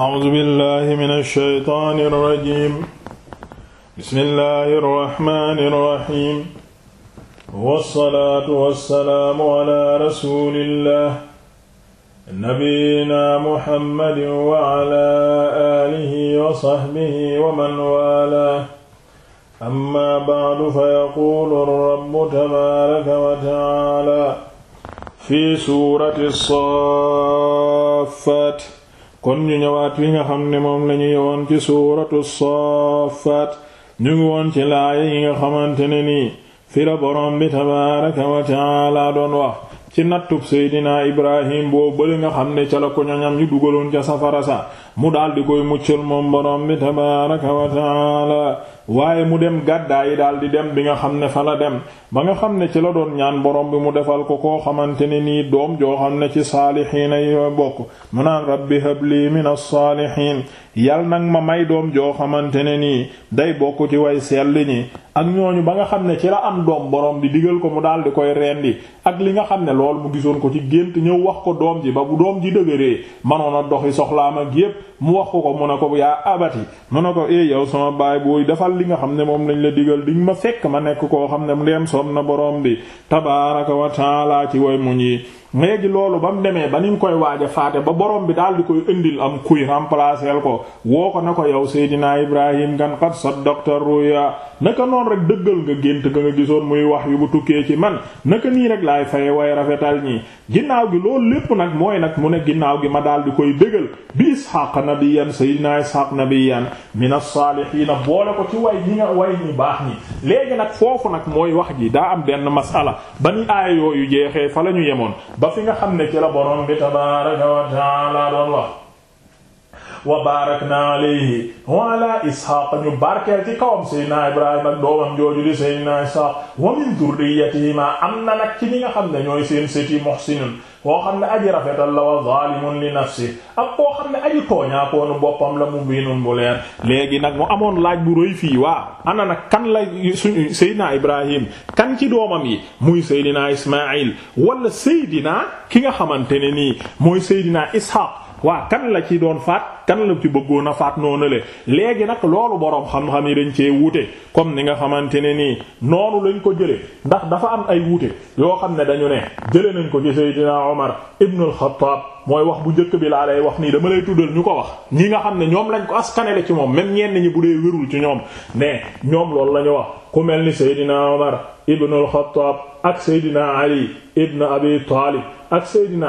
A'uuzu billaahi mina shaytaani rajiim. Bismillaahi rahmaani rahiim. Wassalaatu wassalaamu alaa rasuulillaah. Nabiyyinaa Muhammadin wa alaa aalihi wa sahbihi wa man waalaah. Ammaa ba'du fayaquulu rabbu tabaaraka wa ta'aalaa. Fii suurati Saaffaat. kon ñu ñëwaat wi nga xam ne moom la ñuy woon ci suuratu saafaat ñu ngi woon ci laaya yi nga xamante ne nii fi la boroom bi tabaaraka wa taala doon wax ci nattub seydinaa ibrahim boobu bali nga xam ne ca la ko ñoñam yu dugaloon ca safara sa mu daldi koy muccal moom borom bi tabaaraka wa taala waaye mu dem gàddaa yi daldi dem bi nga xam ne fa la dem ba nga xam ne ci la doon ñaan borom bi mu defal ko koo xamante ne nii doom joo xam ne ci saalixiina yi bokk mu naan rabbi habli min as-saalixiin yal nag ma may doom joo xamante ne nii day bokk ci way sell ñi ak ñooñu ba nga xam ne ci la am doom borom bi digal ko mu daal di koy rendi ak li nga xam ne loolu mu gisoon ko ci gént ñëw wax ko doom ji ba bu doom ji dëgëree manoon a doxi soxlaa ak yépp mu wax ko ko mu ne ko yaa abati mu ne ko eh yow sama baay booy defal li nga xam ne moom lañ la digal ñu ma fekk ma nekk koo xam ne mu ndeem soom na borom bi tabaaraka wa laa ci way muñ yi léegi loolu ba mu demee ba ni mu koy waaja a faate ba boroom bi daal di koy indil am kuy remplacer ko woo ko na ko yow Seydina Ibrahim gan qad saddaqta ruya naka noonu rek dëggal nga gént ga nga gisoon muy wax yu bu tukkee ci man naka nii rek laay faye way rafetal ñi ginnaaw gi loolu lépp nag mooy nag mu ne ginnaaw gi ma daal di koy bégal bi Ishaq nabiyyan Seydina Ishaq nabiyyan min as-salihin boole ko ci way ñi nga way ñu baax ñi léegi nag foofu nag mooy wax ji daa am benn masala ba ni yooyu jeexee fa la ñu yemoon ba fi nga xam ne ci la borom bi tabaaraka wa taala doon wax wa barakna alayhi wa ala ishaaq ñu barkeel ci kawam seydina ibrahima ak doomam jooju di seydina ishaaq wa min durriyatihima am na nag ci ñi nga xam ne ñooy seen séti muhsinun koo xam ne aji rafetal la wa zalimun li nafsi ak koo xam ne aji tooñaakoonu boppam la mu biinum bu leer léegi nag mu amoon laaj bu rëy fii waaw ana nag kan la suñu Seydina Ibrahim kan ci doomam yi muy Seydina Ismaïl wala Seydina ki nga xamante ne nii mooy Seydina Ishaq waa kan la ci doon faat kan la ci bëggoon a faat noonu le léegi nag loolu boroom xam-xam yi dañ cee wuute comme ni nga xamante ne nii noonu lañ ko jële ndax dafa am ay wuute yoo xam ne dañu ne jële nañ ko ci Seydina Omar ibn al-Khattab mooy wax bu njëkk bi laa lay wax nii dama lay tuddal ñu ko wax ñi nga xam ne ñoom lañ ko askanele ci moom même ñenn ñi bu dee wérul ci ñoom mais ñoom loolu la ñu wax ku mel ni Seydina Omar ibn al-Khattab ak Seydina Ali ibn Abi Talib ak Seydina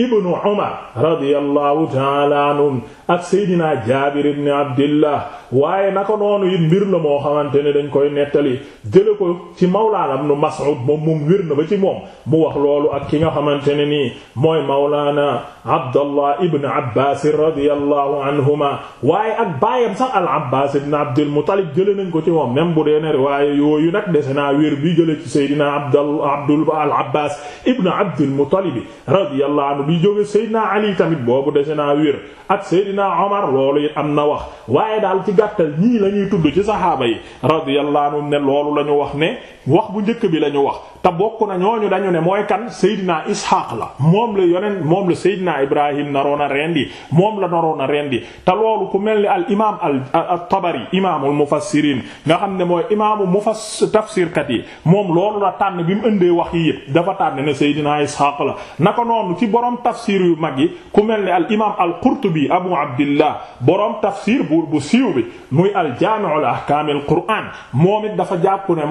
ibnu Umar radiyallahu ta'ala anhum ak Seydina Jaabir ibn Abdillah waaye naka noonu it mbir la moo xamante ne dañ koy nettali jële ko ci mawlaana ibnu Mas'ud moom moom wér na ba ci moom mu wax loolu ak ki nga xamante ne nii mooy mawlaana Abdallah ibn Abbaas radiyallahu anhuma waaye ak baayam sax al-Abbaas ibn Abdul Muttalib jële nañ ko ci moom même bu dee waaye yooyu nag dese naa wér bi jële ci Seydina Abdul Abdul al-Abbaas ibn Abdul Muttalib radiyallahu bi jóge Seydina Ali tamit boobu dese naa wér ak Seydina Omar loolu yi am na wax waaye daal ci gàttal ñii la ñuy tudd ci saxaaba yi radiyallahu anhum ne loolu lañu wax ne wax bu njëkk bi la ñu wax te bokk na ñooñu dañu ne mooy kan Seydina Ishaq la moom la yoneen moom la Seydina Ibrahim naroon a rendi moom la naroon a rendi te loolu ku mel ni al imaam al at-Tabari imaamul mufassirin nga xam ne mooy imaamu mufass tafsirkat yi moom loolu la tànn bi mu ëndee wax yi yëpp dafa tànn ne Seydina Ishaq la naka noonu ci borom tafsir yu mag yi ku mel ni al imaam al-Qurtubi Abu Abdillah borom tafsir bu bu siiw bi muy al jaami'u al ahkaamil Qur'aan moom it dafa jàpp ne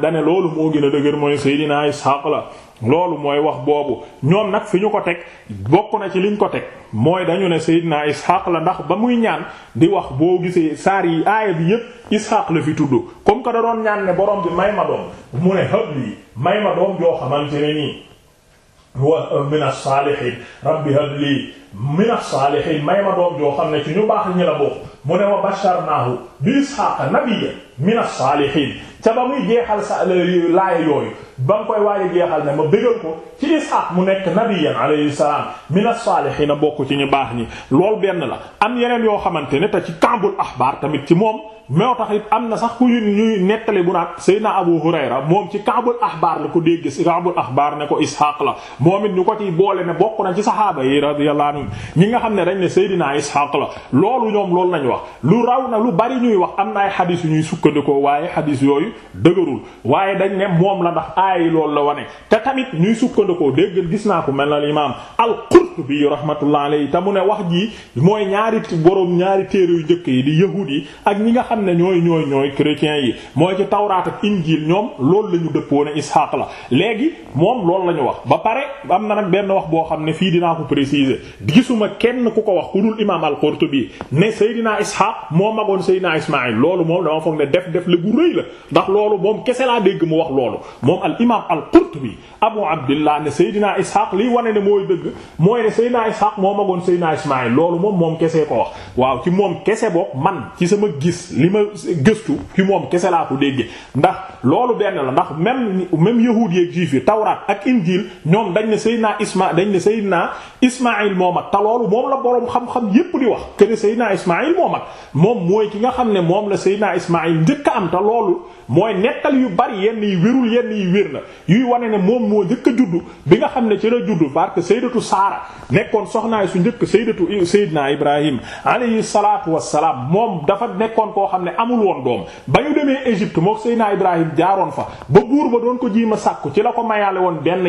da ne mooy Seydina Ishaq la loolu mooy wax boobu ñoom nag fi ñu ko teg bokk na ci liñ ko teg mooy dañu ne Seydina Ishaq la ndax ba muy ñaan di wax boo gisee saar yi aaya bi yépp Ishaq la fi tudd comme que da doon ñaan ne borom bi may ma doom mu ne hëb lii may ma doom joo xamante ne nii min as-salihin rabbi hab lii min as-salihin may ma doom joo xam ne ci ñu baax ñi la bokk mu ne wa basharnahu bi Ishaq nabiyya mina saalihiin ca ba muy jeexal sa laaya yooyu ba mu koy waaye jeexal ne ma bégal ko ci Isxaaq mu nekk nabiyyan alayhi salaam mina saalihiin bokk ci ñu baax ñi loolu benn la am yeneen yoo xamante ne te ci kambul axbaar tamit ci moom moo tax it am na sax ku ñuy nettali bu naan Seydina Abu Hurayra moom ci kambul axbaar la ko dégg ci kambul axbaar ne ko Isxaaq la moom it ñu ko ciy boole ne bokk na ci saxaaba yi radiyallahu anhum ñi nga xam ne dañ ne Seydina Isxaaq la loolu ñoom loolu lañ wax lu raw wax am na ay xadiis yu sukkandikoo waaye xadiis yooyu dëgërul waaye dañ ne moom la ndax aay lool la wane te tamit ñuy sukkandikoo dégg gis naa ko mel na imaam al-Qurtubi rahmatullahi alayhi te mu ne wax ji mooy ñaari boroom ñaari téere yu jëkk yi di yahuud yi ak ñi nga xam ne ñooy ñooy ñooy chrétiens yi mooy ci tawraat ak injiil ñoom loolu lañu ñu dëppoo ne Isxaaq la léegi moom loolu la wax ba pare am na nag benn wax boo xam ne fii dinaa ko préciser gisuma kenn ku ko wax ku dul imaam al-Qurtubi def def la bu rëy la ndax loolu moom kese laa dégg mu wax loolu moom al imaam al qurtubi abu abdillah ne seydinaa ishaq liy wane ne mooy dëgg mooy ne seydinaa ishaq moo magoon seydinaa ismaayil loolu moom moom kese ko wax waaw ci moom kese book man ci sama gis li ma gëstu ci moom kese laa ko déggee ndax loolu benn la ndax même même yahuud yeek juif yi tawraat ak injiil ñoom dañ ne seydinaa isma dañ ne seydinaa Ismaïl moo mag te loolu moom la boroom xam-xam yépp di wax kene Seydina Ismaïl moo mag moom mooy ki nga xam ne moom la Seydina Ismaïl njëkk a am te loolu mooy nettal yu bari yenn yi wérul yenn yi wér na yuy wane ne moom moo njëkk juddu bi nga xam ne ci la juddu parce que Sayyidatu Saara nekkoon soxnaay su njëkk Sayyidatu Seydina Ibrahim alayhi salaatu wassalaam moom dafa nekkoon koo xam ne amul woon doom ba ñu demee Égypte mook Seydina Ibrahim jaaroon fa ba buur ba doon ko jiima sàkku ci la ko mayaale woon benn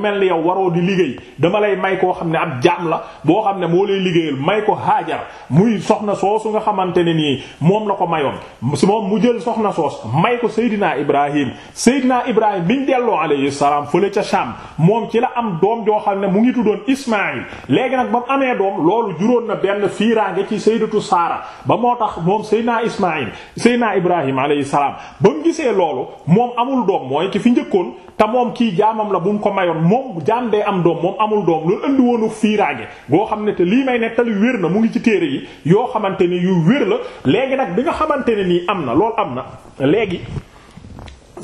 mel ni yow waroo di liggéey dama lay may koo xam ne ab jaam la boo xam ne moo lay liggéeyal may ko haajar muy soxna soosu nga xamante ne nii moom la ko mayoon moom mu jël soxna soos may ko Seydina Ibrahim Seydina Ibrahim biñ delloo alayhi salaam fële ca Sham moom ci la am doom joo xam ne mu ngi tuddoon Ismaïl léegi nag ba mu amee doom loolu juróon na benn fiiraange ci Sayyidatu Saara ba moo tax moom Seydina Ismaïl Seydina Ibrahim alayhi salaam ba mu gisee loolu moom amul doom mooy ki fi njëkkoon te moom kii jaamam la bu mu ko mayoon moom jaam day am doom moom amul doom loolu andi woonu fiiraange boo xam ne te lii may nettali wér na mu ngi ci téere yi yoo xamante ni yu wér la léegi nag bi nga xamante ne nii am na lool am na léegi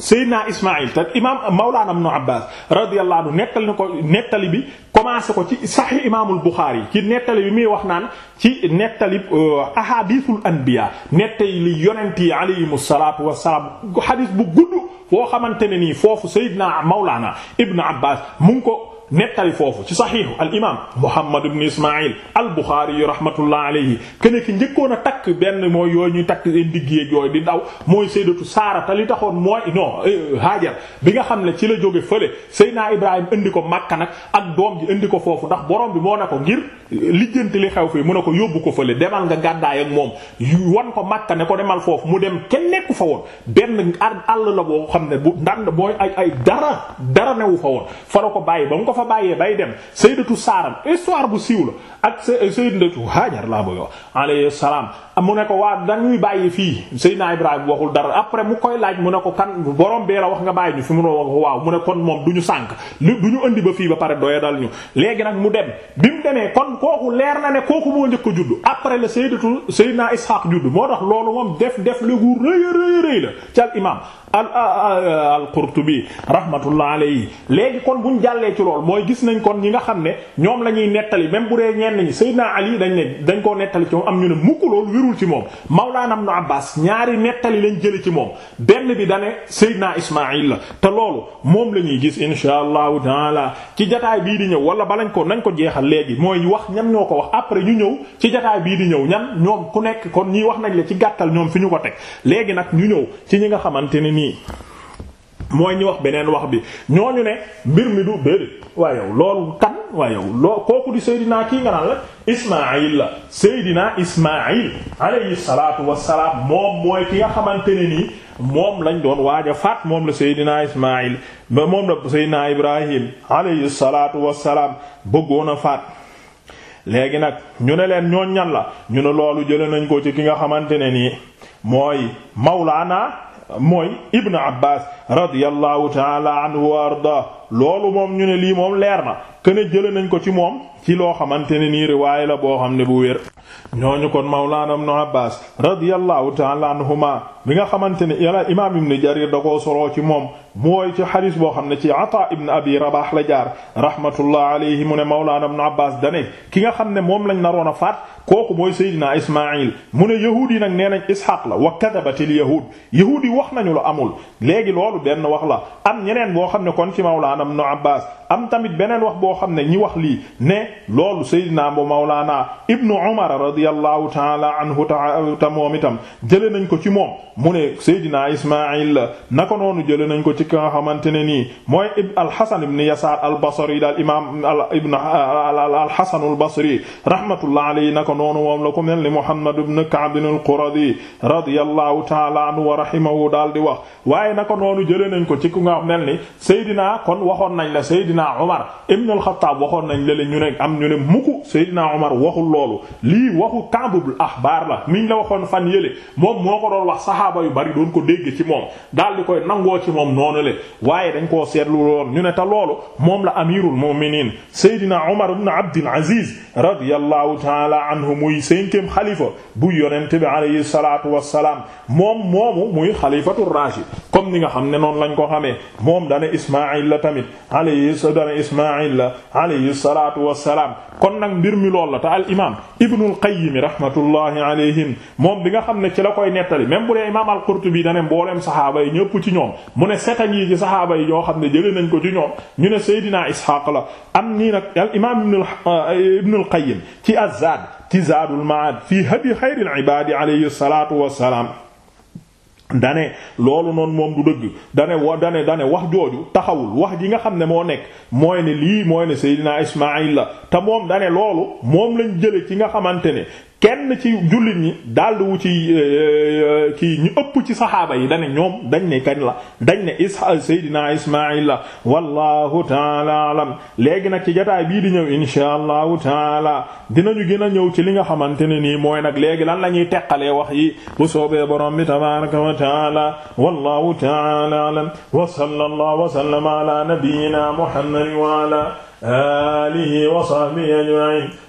Seydina Ismaïl te imaam Mawlana Ibn Abbas radiyallahu anhu nettali ko nettali bi commencé ko ci saxi imaamul Buxaari ci nettali bi muy wax naan ci nettali euh, ahadisul anbiya nettali li yonent yi alayhimu salaatu wassalaam xadiis bu gudd foo xamante ne nii foofu Seydina Mawlaana Ibn Abbaas mu ngi ko nettali foofu ci saxiixu al imaam Muhammad ibn Ismaïl al Bukhari yu rahmatullah alayhi keneen ki njëkkoon a takk benn mooy yooyu ñuy takk ndigg yeeg yooyu di daw mooy sayyidatu Saara te li taxoon mooy non eh, Hajar bi nga xam ne ci la jóge fële Seydina Ibrahim indi ko Makka nag ak doom ji indi ko foofu ndax boroom bi moo ne ko ngir lijjanti li xew fii mu ne ko yóbbu ko fële demal nga gàddaay ak moom wan ko Makka ne ko demal foofu mu dem kenn nekku fa woon benn àll la boo xam ne bu ndànd mooy ay ay dara dara newu ko fa bàyyee bay dem sayyidatu Saaram histoire bu siiw la ak sayyidatu Hajar laa bëgg wax alayhi salaam mu ne ko waa dañuy bàyyi fii Seydina Ibrahim waxul dara après mu koy laaj mu ne ko kan borom bee la wax nga bàyyi ñu fi mu ne ko waaw mu ne kon moom du ñu sànk lu du ñu andi ba fii ba pare doya dal ñu léegi nag mu dem bi mu demee kon kooku leer na ne kooku moo njëkk a judd après le Sayyidatu Seydina Ishaq judd moo tax loolu moom def def léegu rëy rëy rëy la ci al imam al al Qurtubi rahmatullah alayhi léegi kon buñ jàllee ci lool mooy gis nañ kon ñi nga xam ne ñoom la ñuy nettali même bu dee ñenn ñi Seydina Ali dañ ne dañ koo nettali ci moom am ñu ne mukk loolu wérul ci moom Mawlaana Ibn Abbaas ñaari nettali lañ jële ci moom benn bi dane Seydina Ismaayil la te loolu moom la ñuy gis insha allahu taala ci jataay bii di ñëw wala balañ ko nañ ko jeexal léegi mooy wax ñan ñoo ko wax après ñu ñëw ci jataay bii di ñëw ñan ñoom ku nekk kon ñii wax nañ la ci gàttal ñoom fi ñu ko teg léegi nag ñu ñëw ci ñi nga xamante ne nii mooy ñi wax beneen wax bi ñoo ñu ne mbir mi du déedéet waaye yow loolu kan waaye yow loo kooku di Seydina kii nga naan la Ismaïl la Seydina Ismaïl alayhi salaatu wassalaam moom mooy nga xamante ne nii moom lañ doon waaj a faat moom la Seydina Ismaïl ba moom la Seydina Ibrahim alayhi salaatu wassalaam bëggoon a faat léegi nag ñu ne leen ñoo ñan la ñu ne loolu jëlee nañ ko ci ki nga xamante ne nii mooy Mawlaana mooy ibnu abbas radiyallahu taala anhu wa arda loolu moom ñu ne lii moom leer na këne jële nañ ko ci moom ci loo xamante ne nii riwaay la boo xam ne bu wér ñooñu kon mawlaana ibnu abbaas radiyallahu taala anhuma bi nga xamante ne yàlla imaam ibnu jarir da koo soloo ci moom mu mooy ci xadis boo xam ne ci ata ibnu abi rabax la jaar rahmatullah alayhi mu ne mawlaana ibnu abbaas dane ki nga xam ne moom lañ naroon a faat kooku mooy seydina ismail mu ne yahuud yi nag nee nañ isxaq la wa kadabatil yahuud yahuud yi wax nañu la amul léegi loolu benn wax la am xam ne ñi wax lii ne loolu Seydina bu Mawlaana Ibnu Umar radiyallahu taala anhu ta moom itam jëlee nañ ko ci moom mu ne Seydina Ismaayil la naka noonu jële nañ ko ci ki nga xamante ne nii mooy al-Hasan ibn Yasaar al-Basri daal imaam ibn al-Hasan al-Basri rahmatullahi alayhi naka noonu moom la ko mel ni Muhammad ibn Ka'b al-Quradi radiyallahu taala anhu wa rahimahu daal di wax waaye naka noonu jëlee nañ ko ci ku nga mel ni Seydina kon waxoon nañ la Seydina Umar Xattaab waxoon nañ lele ñu ne am ñu ne mukk Seydina Omar waxul loolu lii waxu Kaabul axbaar la niñ la waxoon fan yële moom moo ko doon wax saxaaba yu bari doon ko dégg ci moom daal di koy nangoo ci moom noonu le waaye dañ koo seetlu lool ñu ne ta loolu moom la amirul mu'minin Seydina Omar ibn Abdul Aziz radiyallahu taala anhu muy cinquième xalifa bu yonent bi alayhi salaatu wassalaam moom moomu muy xalifatu rashid comme ni nga xam ne noonu lañ ko xamee moom dana Ismaa'il la tamit alayhi dana Ismaa'il la la alayhi salaatu kon nag mbir mi loolu la te al imaam Ibnul Qayyim rahmatullahi alayhim moom bi nga xam ne ci la koy nettali même bu dee imaam al-Qurtubi da ne mbooleem saxaaba yi ñëpp ci ñoom mu ne setan yi ci saxaaba yi ñoo xam ne jëlee nañ ko ci ñoom ñu ne Seydina Isxaaq la am nii nag al imaam Ibnul euh, Qayyim ci Azzaad ci Zaadul Ma'aad fii hadi xayril ibaad alayhi salaatu wassalaam dane loolu noon moom du dëgg dane wa dane dane wax jooju taxawul wax ji nga xam ne moo nekk mooy ne lii mooy ne Seydina Ismaayil la te moom dane loolu moom lañ jële ci nga xamante ne kenn ci jullit ñi daldi wu ci euh, euh, kii ñu ëpp ci saxaaba yi dane ñoom dañ ne kañ la dañ ne isa seydina ismail la wallahu taala alam léegi nag ci jotaay bii di ñëw insha allahu taala dinañu gën a ñëw ci li nga xamante ne nii mooy nag léegi lan la ñuy teqalee wax yi bu soobee borom bi tabaraka wa taala wallahu taala alam wa sallallahu wa sallama ala nabiyyina muhammad ala alihi wa sahbihi